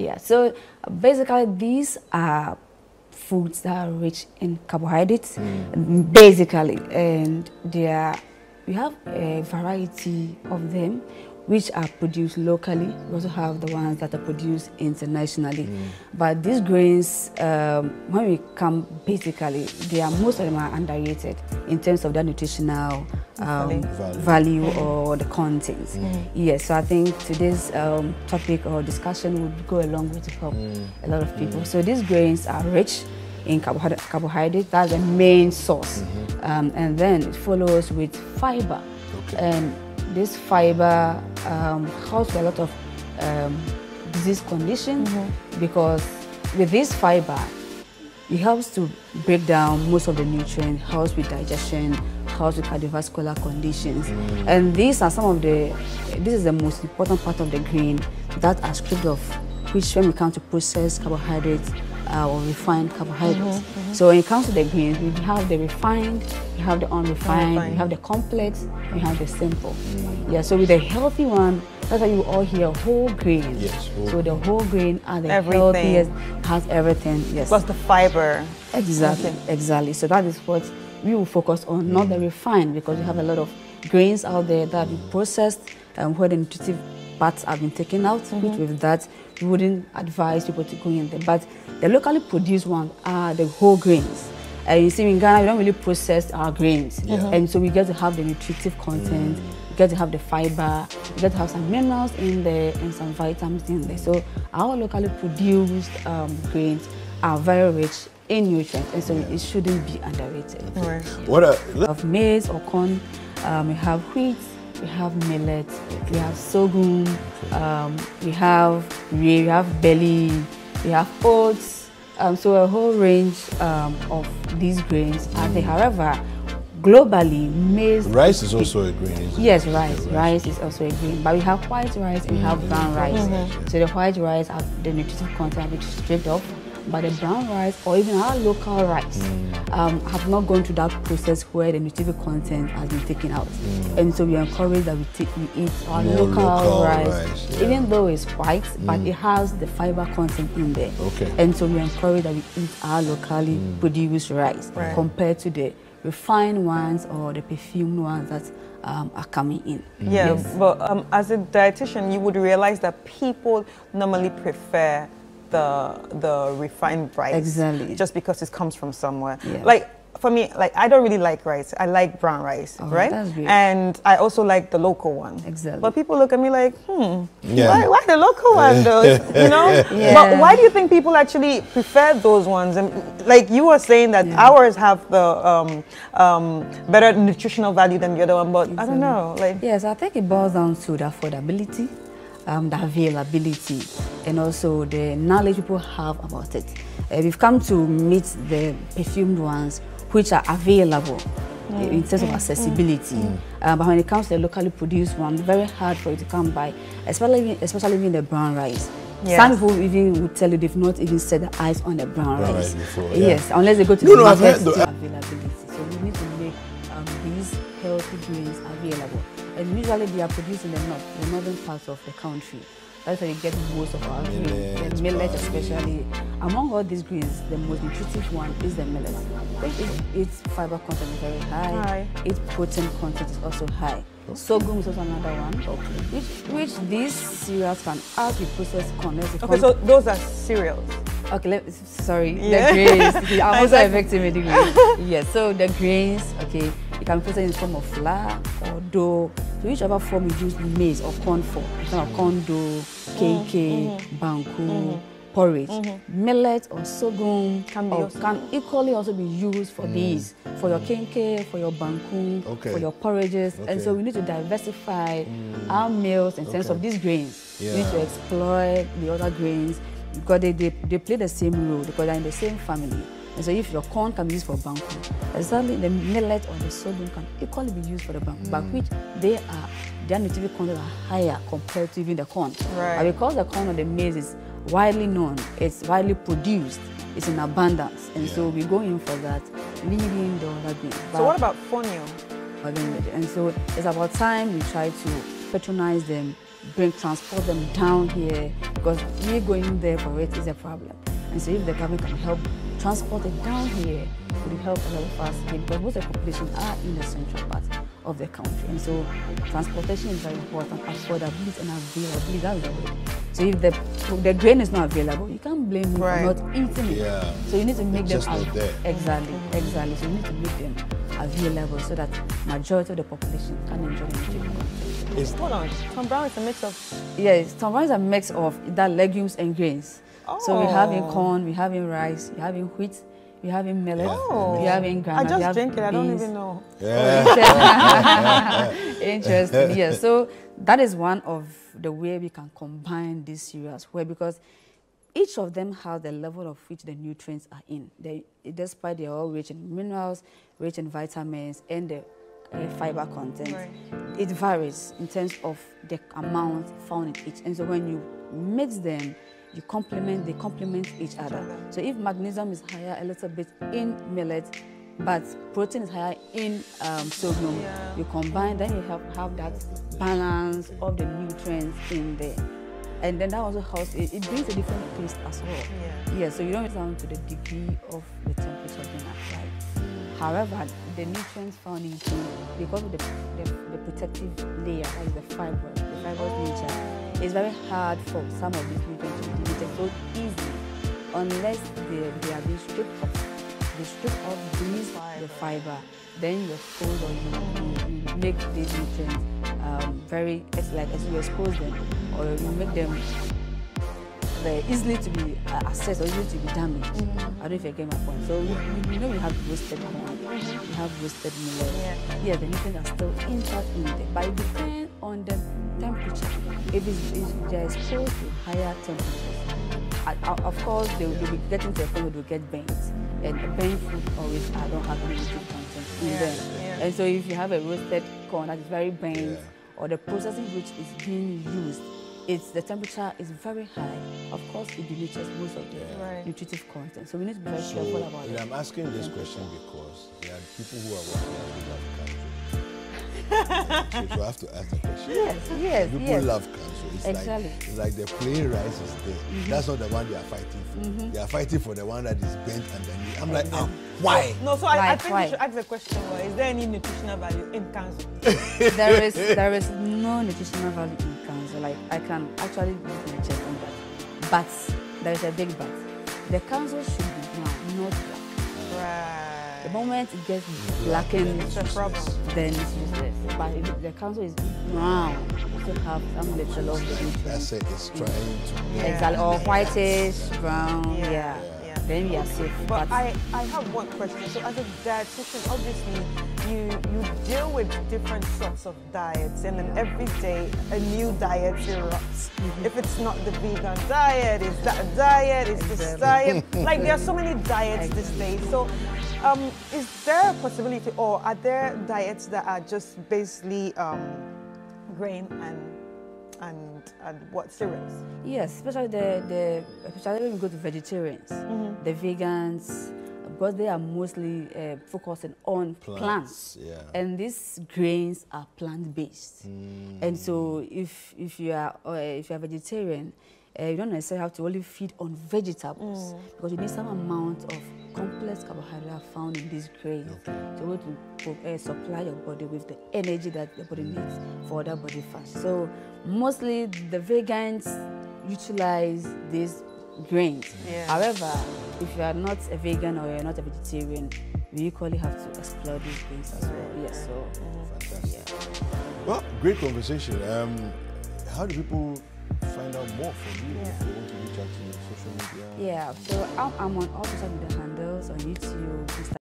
Yeah, so basically these are foods that are rich in carbohydrates, mm. basically, and they are, we have a variety of them which are produced locally. We also have the ones that are produced internationally. Mm. But these grains, um, when we come basically, they are most of them are underrated in terms of their nutritional um, value. value or the contents. Mm. Yes, so I think today's um, topic or discussion would go a long way to help mm. a lot of people. Mm. So these grains are rich in carbohydrates; that's the main source. -hmm. and then it follows with fiber. Okay. And this fiber um, caused a lot of um, disease conditions mm -hmm. because with this fiber, it helps to break down most of the nutrients, helps with digestion, helps with cardiovascular conditions. Mm. And these are some of the, this is the most important part of the grain that are stripped off, which when we come to process carbohydrates uh, or refined carbohydrates, mm -hmm. Mm-hmm. So when it comes to the greens, we have the refined, we have the unrefined, we have the complex, we have the simple. Mm. Yeah, so with the healthy one, that's why you all hear whole grains. Yes. Whole so the whole grain are the everything. healthiest, has everything. Yes. Plus the fiber. Exactly. Okay. Exactly. So that is what we will focus on, not the mm. refined, because we have a lot of grains out there that are processed and um, where the nutritive parts have been taken out, mm -hmm. which with that, we wouldn't advise people to go in there. But the locally produced ones are uh, the whole grains. And uh, you see, in Ghana, we don't really process our grains. Mm -hmm. And so we get to have the nutritive content, mm. we get to have the fiber, we get to have some minerals in there and some vitamins in there. So our locally produced um, grains are very rich in nutrients, and so it shouldn't be underrated. Right. What a, of maize or corn, um, we have wheat, we have millet, we have sorghum, um, we have we have belly, we have oats. Um, so a whole range um, of these grains are there. However, globally, maize... Rice is also a grain, isn't Yes, it? rice. Rice is also a grain. But we have white rice and mm we have mm-hmm. brown rice. Mm -hmm. So the white rice, have the nutritive content which is stripped off but the brown rice or even our local rice mm. um, have not gone through that process where the nutritive content has been taken out. Mm. And so we encourage that we, take, we eat our local, local rice, rice yeah. even though it's white, mm. but it has the fiber content in there. Okay. And so we encourage that we eat our locally mm. produced rice right. compared to the refined ones or the perfumed ones that um, are coming in. yes. Mm. but um, as a dietitian, you would realize that people normally prefer the the refined rice. Exactly. Just because it comes from somewhere. Yes. Like for me, like I don't really like rice. I like brown rice, oh, right? And I also like the local one. Exactly. But people look at me like, hmm, yeah. why, why, the local one though? you know? Yeah. But why do you think people actually prefer those ones? And like you were saying that yeah. ours have the um, um, better nutritional value than the other one, but exactly. I don't know. Like yes, I think it boils down to the affordability um, the availability and also the knowledge people have about it. Uh, we've come to meet the perfumed ones which are available mm. in terms mm. of accessibility. Mm. Uh, but when it comes to the locally produced one, very hard for you to come by, especially, especially even the brown rice. Yes. Some people even would tell you they've not even set the eyes on the brown, rice. before, yeah. Yes, unless they go to no, the no, market. Availability. So we need to make um, these healthy grains available and usually they are produced in the north, the northern parts of the country. That's where we get most of our millet, grains, the millet especially. Among all these grains, the most nutritive one is the millet. It, its fiber content is very high. high. Its protein content is also high. Okay. Sorghum is also another one, okay. which, which these cereals can help the process connect. Okay, so those are cereals. Okay, let, sorry, yeah. the grains. I'm also a victim anyway. yes, so the grains, okay, can present in form of flour or dough. So whichever form you use maize or corn for, kind of corn dough, cake, mm-hmm. mm -hmm. banku, mm -hmm. porridge, mm -hmm. millet or sorghum can, or can equally also be used for mm. these, for your kk, for your banku, okay. for your porridges. Okay. And so we need to diversify mm. our meals in okay. terms of these grains. Yeah. We need to exploit the other grains because they, they, they play the same role because they're in the same family. And so if your corn can be used for banku, exactly the millet or the sorghum can equally be used for the banku, mm. but which they are, their nutritive content are higher compared to even the corn. Right. And because the corn or the maize is widely known, it's widely produced, it's in abundance. And yeah. so we go in for that, leading the other beans. So what about fonio? And so it's about time we try to patronize them, bring, transport them down here, because we going there for it is a problem. And so if the government can help transport it down here, it would help a lot of us here because most of the population are in the central part of the country. And so transportation is very important, affordability and availability, that's the way. So if the, the grain is not available, you can't blame me right. for not eating it. Yeah. So you need to make it's them available. Exactly, exactly. So you need to make them available so that majority of the population can enjoy nutrition. Hold on, Tom Brown is a mix of? Yes, Tom Brown is a mix of that legumes and grains. So we are having corn, we are having rice, we are having wheat, we are having millet, oh. we have in I just have drink it, I don't even know. Yeah. Interesting, yeah. So that is one of the way we can combine these cereals where because each of them has the level of which the nutrients are in. They, despite they are all rich in minerals, rich in vitamins, and the uh, fiber content. Right. It varies in terms of the amount found in each. And so when you mix them, you complement, they complement each other. So if magnesium is higher a little bit in millet, but protein is higher in um, you combine, then you have, have that balance of the nutrients in there. And then that also helps, it, it brings a different taste as well. Yeah. yeah, so you don't down to the degree of the temperature being applied. However, the nutrients found in because of the, the, the, protective layer, like the fiber, the fibrous nature, it's very hard for some of these nutrients to be deleted so easily unless they, they are being stripped off. They strip off these the fiber, then you expose or you, you, make these nutrients um, very, it's like as you expose them, or you make them very uh, easily to be uh, accessed or easily to be damaged. Mm -hmm. I don't know if you get my point. So you, you know you have to go step one you have roasted millet. Yeah. yeah, the nutrients are still intact in there, but it depends on the temperature. If it's, if they to higher temperatures, uh, of course they will, be getting to into a point where they'll get bent, and bent food always I don't have nutrient content in yeah. them. Yeah. And so if you have a roasted corn that is very bent, or the processing which is being used it's the temperature is very high, of course it deletes most of the yeah. nutritive content. So we need to be very so, careful about it. I'm asking this question because there are people who are working who love cancer. so, I have to ask the question. Yes, yes. People yes. love cancer. It's exactly. like it's like the plain rice is there. Mm -hmm. That's not the one they are fighting for. Mm -hmm. They are fighting for the one that is bent underneath. I'm like, oh, why? No, so I, right, I think you should ask the question: Is there any nutritional value in cancer? there is there is no nutritional value so like I can actually do my check on that. But there is a big but. The council should be brown, not black. Right. The moment it gets blackened, it's a problem. Then it's useless. But if the council is brown, you still have some little of the interest. That's it. It's trying to. Yeah. Exactly. Or whitish, brown. yeah. yeah. yeah. Then we are safe. But, but I, I have one question. So as a dietitian, obviously you, you deal with different sorts of diets and then every day a new diet erupts. Mm -hmm. If it's not the vegan diet, it's that diet, it's exactly. this diet. like there are so many diets exactly. these days. So um, is there a possibility or are there diets that are just basically um, grain and and and what cereals? Yes, especially the the especially when you go to vegetarians, mm -hmm. the vegans, because they are mostly uh, focusing on plants. plants. Yeah. And these grains are plant-based. Mm. And so if, if, you are, uh, if you are vegetarian, uh, you don't necessarily have to only feed on vegetables mm. because you need some amount of complex carbohydrate found in these grains okay. to be able to supply your body with the energy that the body mm. needs for other body functions. So mostly the vegans utilize these grains. Yeah. However, if you are not a vegan or you're not a vegetarian, we equally have to explore these things as well. Yes, so. Fantastic. Oh, yeah. Well, great conversation. Um, how do people find out more from you yeah. if they want to reach out to you on social media? Yeah, so I'm, I'm on all social media handles on YouTube, Instagram.